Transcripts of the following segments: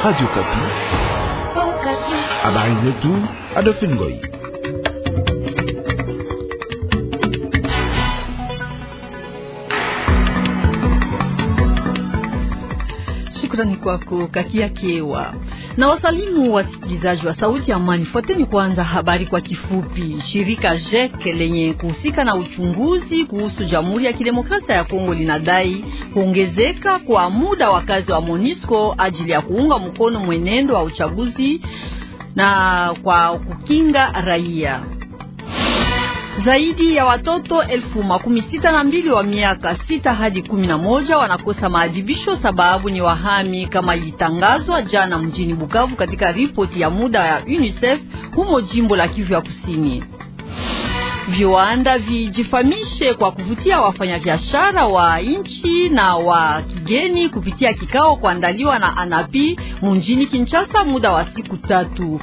Radio Kapi. Oh, Kapi. Habari zetu Adolphe Ngoi. Shukrani kwako Kakia Kiewa na wasalimu wasikilizaji wa Sauti ya Amani. Fuateni kwanza habari kwa kifupi. Shirika JEC lenye kuhusika na uchunguzi kuhusu Jamhuri ya Kidemokrasia ya Kongo linadai kuongezeka kwa muda wa kazi wa MONUSCO ajili ya kuunga mkono mwenendo wa uchaguzi na kwa kukinga raia. Zaidi ya watoto elfu makumi sita na mbili wa miaka sita hadi kumi na moja wanakosa maadhibisho sababu ni wahami, kama ilitangazwa jana mjini Bukavu katika ripoti ya muda ya UNICEF humo jimbo la Kivu ya Kusini. Viwanda vijifamishe kwa kuvutia wafanyabiashara wa nchi na wa kigeni kupitia kikao kuandaliwa na Anapi mjini Kinshasa muda wa siku tatu.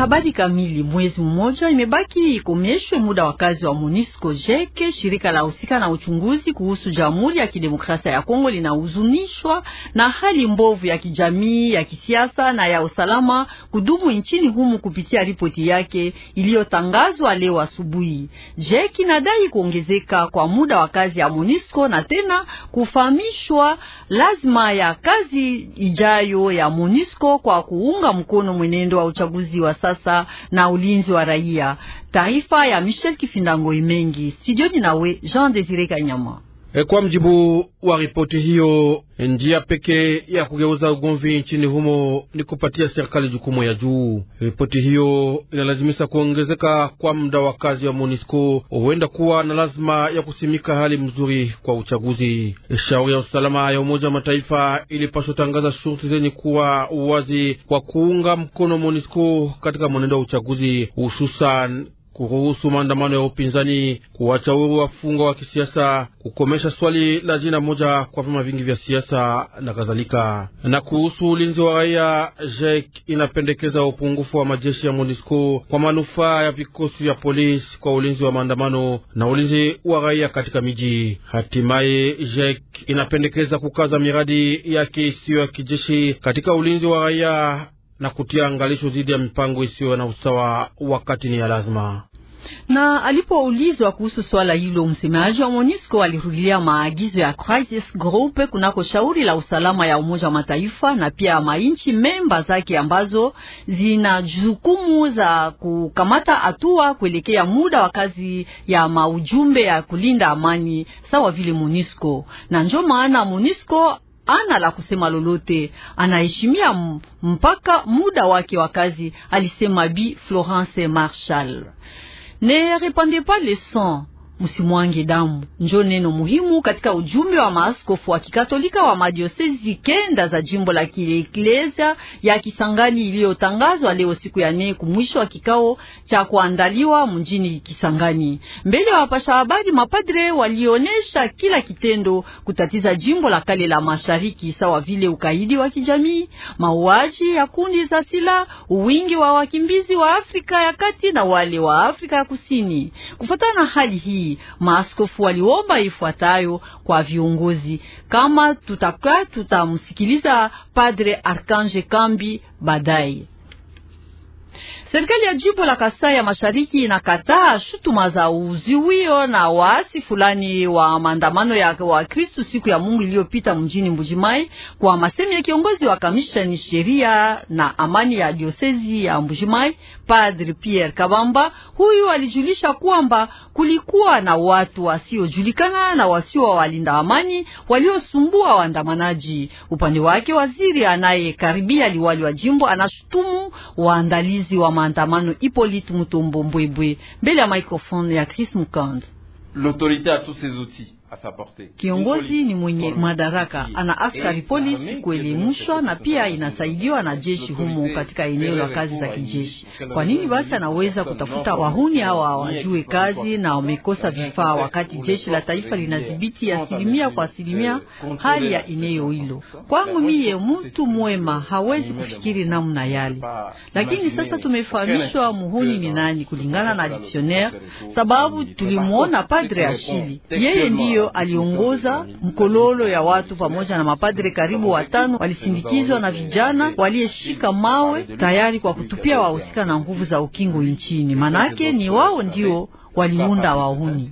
Habari kamili. Mwezi mmoja imebaki ikomeshwe muda wa kazi wa Monisco Jeke, shirika la husika na uchunguzi kuhusu Jamhuri ya Kidemokrasia ya Kongo linahuzunishwa na hali mbovu ya kijamii, ya kisiasa na ya usalama kudumu nchini humu. Kupitia ripoti yake iliyotangazwa leo asubuhi, Jeke inadai kuongezeka kwa muda wa kazi ya Monisco na tena kufahamishwa lazima ya kazi ijayo ya Monisco kwa kuunga mkono mwenendo wa uchaguzi wa sasa sasa na ulinzi wa raia. Taarifa ya Michel kifindangoi mengi studioni nawe Jean Desire Kanyama. Eh, kwa mjibu wa ripoti hiyo, njia pekee ya kugeuza ugomvi nchini humo ni kupatia serikali jukumu ya juu. Ripoti hiyo inalazimisha kuongezeka kwa muda wa kazi wa MONUSCO, huenda kuwa na lazima ya kusimika hali mzuri kwa uchaguzi. Shauri ya usalama ya Umoja wa Mataifa ilipaswa tangaza shurti zenye kuwa uwazi kwa kuunga mkono MONUSCO katika mwenendo wa uchaguzi hususan kuruhusu maandamano ya upinzani, kuwacha huru wafungwa wa kisiasa, kukomesha swali la jina moja kwa vyama vingi vya siasa na kadhalika. Na kuhusu ulinzi wa raia, JEC inapendekeza upungufu wa majeshi ya MONUSCO kwa manufaa ya vikosi vya polisi kwa ulinzi wa maandamano na ulinzi wa raia katika miji. Hatimaye, JEC inapendekeza kukaza miradi yake isiyo ya kijeshi katika ulinzi wa raia na kutia angalisho dhidi ya mipango isiyo na usawa wakati ni ya lazima na alipoulizwa kuhusu swala hilo, msemaji wa MONUSCO alirudilia maagizo ya crisis group kunako shauri la usalama ya Umoja wa Mataifa na pia mainchi memba zake ambazo zina jukumu za kukamata hatua kuelekea muda wa kazi ya maujumbe ya kulinda amani sawa vile MONUSCO, na njo maana MONUSCO ana la kusema lolote, anaheshimia mpaka muda wake wa kazi, alisema Bi Florence Marshall. Ne répandez pas le sang msimwange damu, njo neno muhimu katika ujumbe wa maaskofu wa kikatolika wa madiosezi kenda za jimbo la kieklezia ya Kisangani iliyotangazwa leo siku ya nne kumwisho wa kikao cha kuandaliwa mjini Kisangani. Mbele wa wapasha habari, mapadre walionyesha kila kitendo kutatiza jimbo la kale la mashariki, sawa vile ukaidi wa kijamii, mauaji ya kundi za silaha, uwingi wa wakimbizi wa Afrika ya kati na wale wa Afrika ya kusini. Kufuatana na hali hii Katoliki. Maaskofu waliomba ifuatayo kwa viongozi: kama tutakaa tutamsikiliza Padre Arkange Kambi baadaye. Serikali ya jimbo la Kasai ya Mashariki inakataa shutuma za uziwio na waasi fulani wa maandamano ya Wakristu siku ya Mungu iliyopita mjini Mbujimai, kwa masemi ya kiongozi wa kamishani sheria na amani ya diosezi ya Mbujimai, Padri Pierre Kabamba. Huyu alijulisha kwamba kulikuwa na watu wasiojulikana na wasio walinda amani waliosumbua waandamanaji. Upande wake, waziri anayekaribia liwali wa jimbo anashutumu waandalizi wa maandamano Hippolyte Mutombo Mbwebwe mbele ya Microphone ya Chris Mukanda. L'autorité a tous ses outils Kiongozi ni mwenye madaraka, ana askari polisi kuelimishwa na pia inasaidiwa na jeshi humo katika eneo la kazi za kijeshi. Kwa nini basi anaweza kutafuta wahuni hawa wajue kazi na wamekosa vifaa, wakati jeshi la taifa linadhibiti asilimia kwa asilimia euh, hali ya eneo hilo? Kwangu miye, mtu mwema hawezi kufikiri namna yale. Lakini sasa tumefahamishwa muhuni ni nani kulingana na dictionnaire, sababu tulimwona Padre Ashili, yeye ndiyo ambayo aliongoza. Mkololo ya watu pamoja na mapadre karibu watano walisindikizwa na vijana waliyeshika mawe tayari kwa kutupia wahusika na nguvu za ukingo nchini, manake ni wao ndio waliunda wahuni.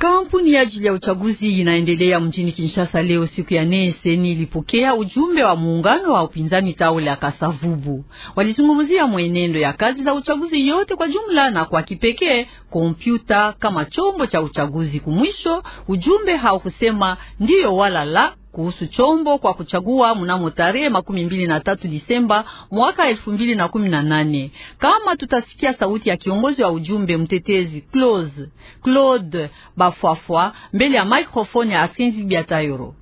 Kampuni ya ajili ya uchaguzi inaendelea mjini Kinshasa. Leo siku ya nne, ilipokea ujumbe wa muungano wa upinzani tawi la Kasavubu. Walizungumzia mwenendo ya kazi za uchaguzi yote kwa jumla na kwa kipekee kompyuta kama chombo cha uchaguzi. Kumwisho, ujumbe haukusema ndiyo wala la kuhusu chombo kwa kuchagua mnamo tarehe makumi mbili na tatu Disemba mwaka elfu mbili na kumi na nane kama tutasikia sauti ya kiongozi wa ujumbe mtetezi Claude Claude Bafwafwa mbele ya mikrofoni ya Asenzi Biatayoro.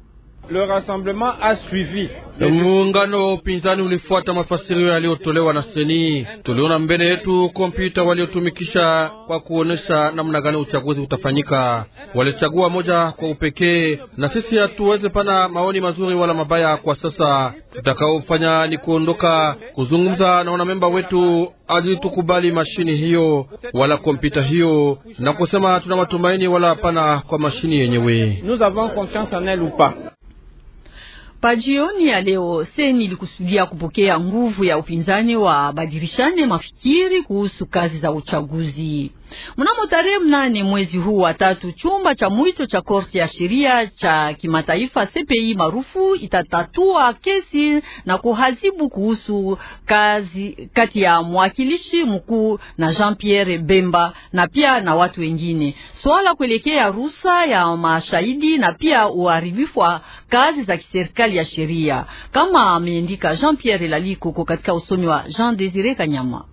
Muungano wa upinzani ulifuata mafasirio yaliyotolewa na Seni. Tuliona mbele yetu kompyuta waliotumikisha kwa kuonesha namna gani uchaguzi utafanyika. Walichagua moja kwa upekee, na sisi hatuweze pana maoni mazuri wala mabaya. Kwa sasa tutakaofanya ni kuondoka kuzungumza na wanamemba wetu alitukubali mashini hiyo wala kompyuta hiyo, na kusema tuna matumaini wala hapana kwa mashini yenyewe. Pajioni ya leo seni ilikusudia kupokea nguvu ya upinzani wa badirishane mafikiri kuhusu kazi za uchaguzi. Mnamo tarehe mnane mwezi huu wa tatu, chumba cha mwito cha korti ya sheria cha kimataifa CPI maarufu itatatua kesi na kuhazibu kuhusu kazi kati ya mwakilishi mkuu na Jean Pierre Bemba na pia na watu wengine, swala kuelekea ruhusa ya mashahidi na pia uharibifu wa kazi za kiserikali ya sheria, kama ameandika Jean Pierre Laliko katika usomi wa Jean Desire Kanyama.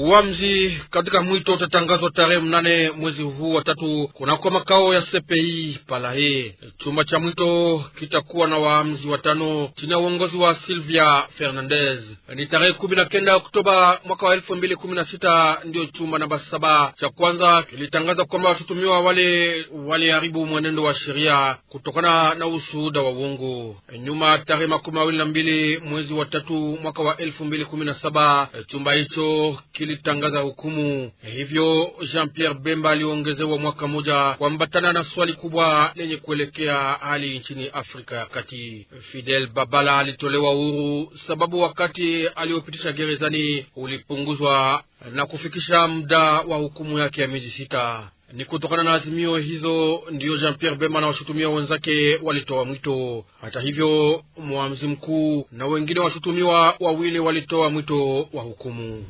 Uamzi katika mwito utatangazwa tarehe mnane mwezi huu wa tatu kunakwa makao ya CPI Palahe. Chumba cha mwito kitakuwa na waamzi watano chini ya uongozi wa Silvia Fernandez. Ni tarehe kumi na kenda Oktoba mwaka wa elfu mbili kumi na sita ndiyo chumba namba saba cha kwanza kilitangaza kwamba washutumiwa wale waliharibu mwenendo wa sheria kutokana na ushuhuda wa uongo. Nyuma tarehe makumi mawili na mbili mwezi wa tatu mwaka wa elfu mbili kumi na saba chumba hicho kilitangaza hukumu. Hivyo Jean Pierre Bemba aliongezewa mwaka mmoja kuambatana na swali kubwa lenye kuelekea hali nchini Afrika ya Kati. Fidel Babala alitolewa uhuru sababu wakati aliopitisha gerezani ulipunguzwa na kufikisha muda wa hukumu yake ya miezi sita. Ni kutokana na azimio hizo ndiyo Jean Pierre Bemba na washutumiwa wenzake walitoa mwito. Hata hivyo, mwamzi mkuu na wengine washutumiwa wawili walitoa mwito wa hukumu.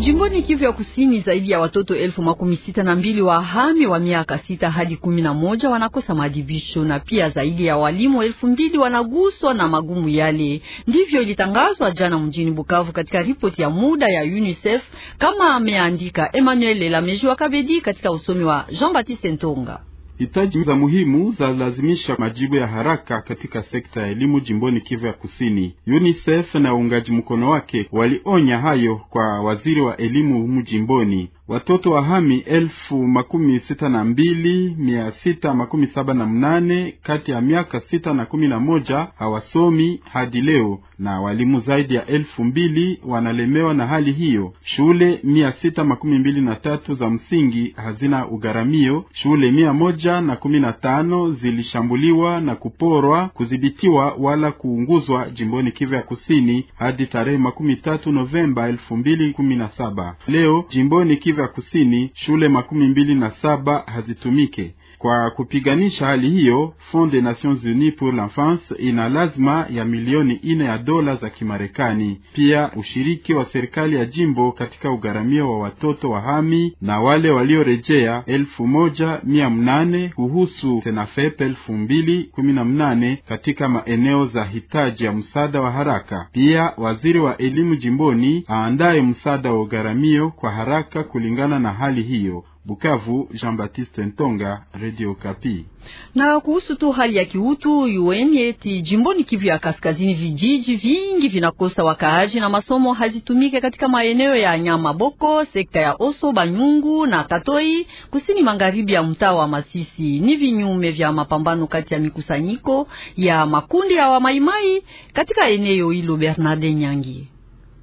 Jimboni Kivu ya Kusini, zaidi ya watoto elfu makumi sita na mbili hami wa miaka sita hadi kumi na moja wanakosa madibisho na pia zaidi ya walimu elfu mbili wanaguswa na magumu yale. Ndivyo ilitangazwa jana mjini Bukavu katika ripoti ya muda ya UNICEF kama ameandika Emmanuel lamejiwa Kabedi katika usomi wa Jean Baptiste Ntonga. Hitaji za muhimu za lazimisha majibu ya haraka katika sekta ya elimu jimboni Kivu ya Kusini. UNICEF na uungaji mkono wake walionya hayo kwa waziri wa elimu humu jimboni watoto wa hami elfu makumi sita na mbili mia sita makumi saba na mnane kati ya miaka sita na kumi na moja hawasomi hadi leo, na walimu zaidi ya elfu mbili wanalemewa na hali hiyo. Shule mia sita makumi mbili na tatu za msingi hazina ugharamio. Shule mia moja na kumi na tano zilishambuliwa na kuporwa, kudhibitiwa wala kuunguzwa jimboni Kivu ya Kusini hadi tarehe makumi tatu Novemba elfu mbili kumi na saba. Leo jimboni Kivu Kivu ya Kusini, shule makumi mbili na saba hazitumike. Kwa kupiganisha hali hiyo, Fond des Nations Unies pour l'Enfance ina lazima ya milioni ine ya dola za Kimarekani, pia ushiriki wa serikali ya jimbo katika ugharamio wa watoto wa hami na wale waliorejea elfu moja mia mnane kuhusu TENAFEP elfu mbili kumi na mnane katika maeneo za hitaji ya msaada wa haraka. Pia waziri wa elimu jimboni aandaye msaada wa ugharamio kwa haraka kulingana na hali hiyo. Bukavu, Jean-Baptiste Ntonga, Radio Kapi. Na kuhusu tu hali ya kiutu UN eti jimboni Kivu ya Kaskazini, vijiji vingi vinakosa wakaaji na masomo hazitumike katika maeneo ya Nyamaboko, sekta ya Oso, Banyungu na Tatoi, kusini magharibi ya mtaa wa Masisi. Ni vinyume vya mapambano kati ya mikusanyiko ya makundi ya wamaimai katika eneo hilo. Bernarde Nyangi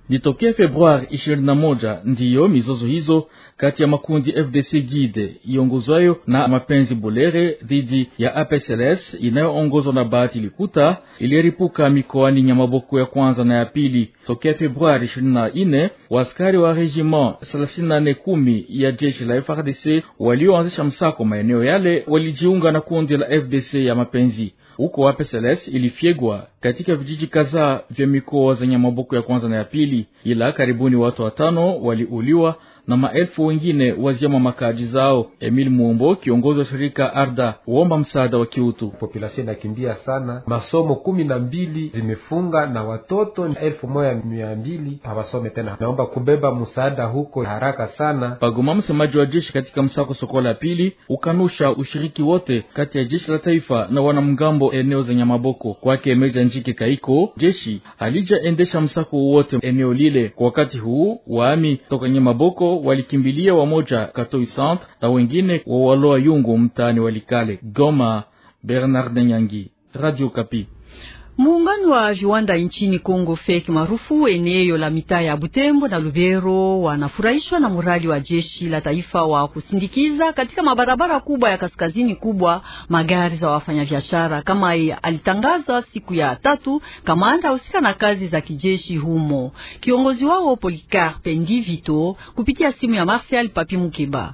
ni tokea Februari ishirini na moja ndiyo mizozo hizo kati ya makundi FDC Guide iongozwayo na Mapenzi Bulere dhidi ya APSLS inayoongozwa na Bahati Likuta iliripuka mikoani Nyamaboko ya kwanza na ya pili. Tokea Februari ishirini na nne waskari wa regiment thelathini na kumi ya jeshi la FRDC walioanzisha msako maeneo yale walijiunga na kundi la FDC ya Mapenzi huko Ape Seles ilifyegwa katika vijiji kadhaa vya mikoa za maboko ya kwanza na ya pili, ila karibuni watu watano waliuliwa na maelfu wengine waziama makaji zao. Emil Mwombo, kiongozi wa shirika Arda, huomba msaada wa kiutu. Population inakimbia sana, masomo kumi na mbili zimefunga na watoto elfu moja mia mbili hawasome tena. Naomba kubeba msaada huko haraka sana. Pagoma, msemaji wa jeshi katika msako Sokola ya pili, ukanusha ushiriki wote kati ya jeshi la taifa na wanamgambo eneo zenye maboko. Kwake Meja Njike Kaiko, jeshi halijaendesha msako wowote eneo lile kwa wakati huu. Waami toka nye maboko walikimbilia wamoja Katoi Centre na wengine wa Waloa Yungu mtaani Walikale. Goma, Bernard Nyangi, Radio Kapi. Muungano wa viwanda nchini Kongo feki maarufu eneo la mitaa ya Butembo na Lubero wanafurahishwa na muradi wa jeshi la taifa wa kusindikiza katika mabarabara kubwa ya kaskazini kubwa magari za wafanyabiashara, kama alitangaza siku ya tatu kamanda husika na kazi za kijeshi humo, kiongozi wao Polikarpe Ndivito kupitia simu ya Martial Papi Mukeba.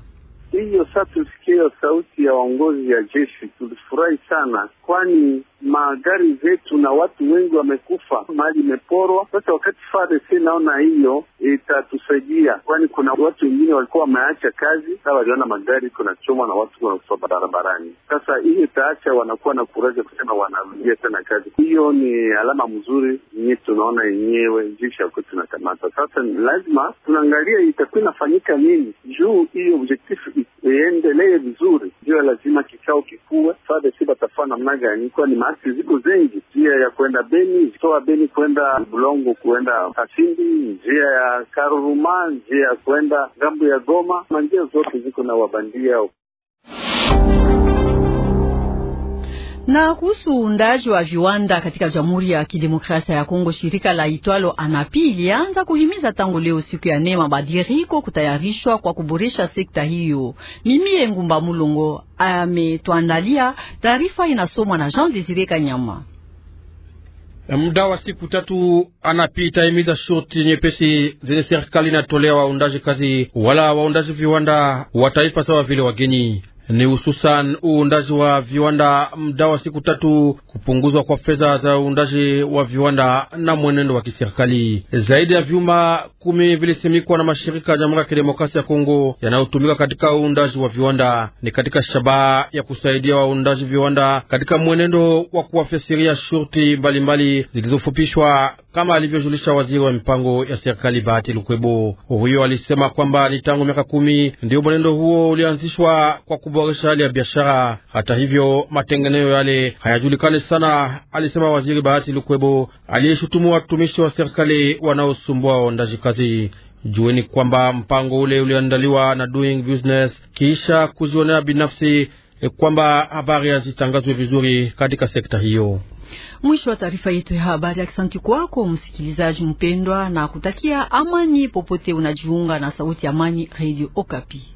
Hiyo sasa tusikie sauti ya uongozi ya jeshi, tulifurahi sana kwani magari zetu na watu wengi wamekufa, mali imeporwa. Sasa wakati FARDC naona hiyo itatusaidia, kwani kuna watu wengine walikuwa wameacha kazi, saa waliona magari kunachomwa na watu wanakufa barabarani. Sasa hiyo itaacha wanakuwa na kuraja kusema wanarudia tena kazi. Hiyo ni alama mzuri yenyewe tunaona yenyewe jeshi yakuwa tunakamata. Sasa lazima tunaangalia itakuwa inafanyika nini juu hiyo objektifu iendelee vizuri, ndio lazima kikao kikuwe. FARDC batafaa namna gani? kwani basi ziko zengi, njia ya kwenda Beni, zitoa Beni kwenda Bulongo, kuenda Kasindi, njia ya Karuruma, njia ya kwenda ngambo ya Goma, manjia zote ziko na wabandia. Na kuhusu uundaji wa viwanda katika Jamhuri ya Kidemokrasia ya Kongo, shirika la itwalo ANAPI ilianza kuhimiza tangu leo siku ya nema badiriko kutayarishwa kwa kuboresha sekta hiyo. Mimi Ngumba Mulongo ametuandalia taarifa, inasomwa na Jean Desire Kanyama. Muda wa siku tatu ANAPI itahimiza shoti nyepesi zenye serikali inatolea waundaji kazi wala waundaji viwanda wa taifa sawa vile wageni ni hususan uundaji wa viwanda mda wa siku tatu, kupunguzwa kwa fedha za uundaji wa viwanda na mwenendo wa kiserikali. Zaidi ya vyuma kumi vilisimikwa na mashirika ya Jamhuri ya Kidemokrasia ya Kongo yanayotumika katika uundaji wa viwanda, ni katika shabaha ya kusaidia waundaji viwanda katika mwenendo wa kuwafasiria shurti mbalimbali zilizofupishwa kama alivyojulisha waziri wa mipango ya serikali Bahati Lukwebo. Huyo alisema kwamba ni tangu miaka kumi ndiyo mwenendo huo ulianzishwa kwa kuboresha hali ya biashara. Hata hivyo, matengenezo yale hayajulikani sana, alisema waziri Bahati Lukwebo aliyeshutumu watumishi wa serikali wanaosumbua waondaji kazi. Jueni kwamba mpango ule uliandaliwa na Doing Business kisha kuzionea binafsi eh, kwamba habari hazitangazwe vizuri katika sekta hiyo. Mwisho wa taarifa yetu ya habari. Akisanti kwako msikilizaji mpendwa, na kutakia amani popote unajiunga na Sauti ya Amani, Radio Okapi.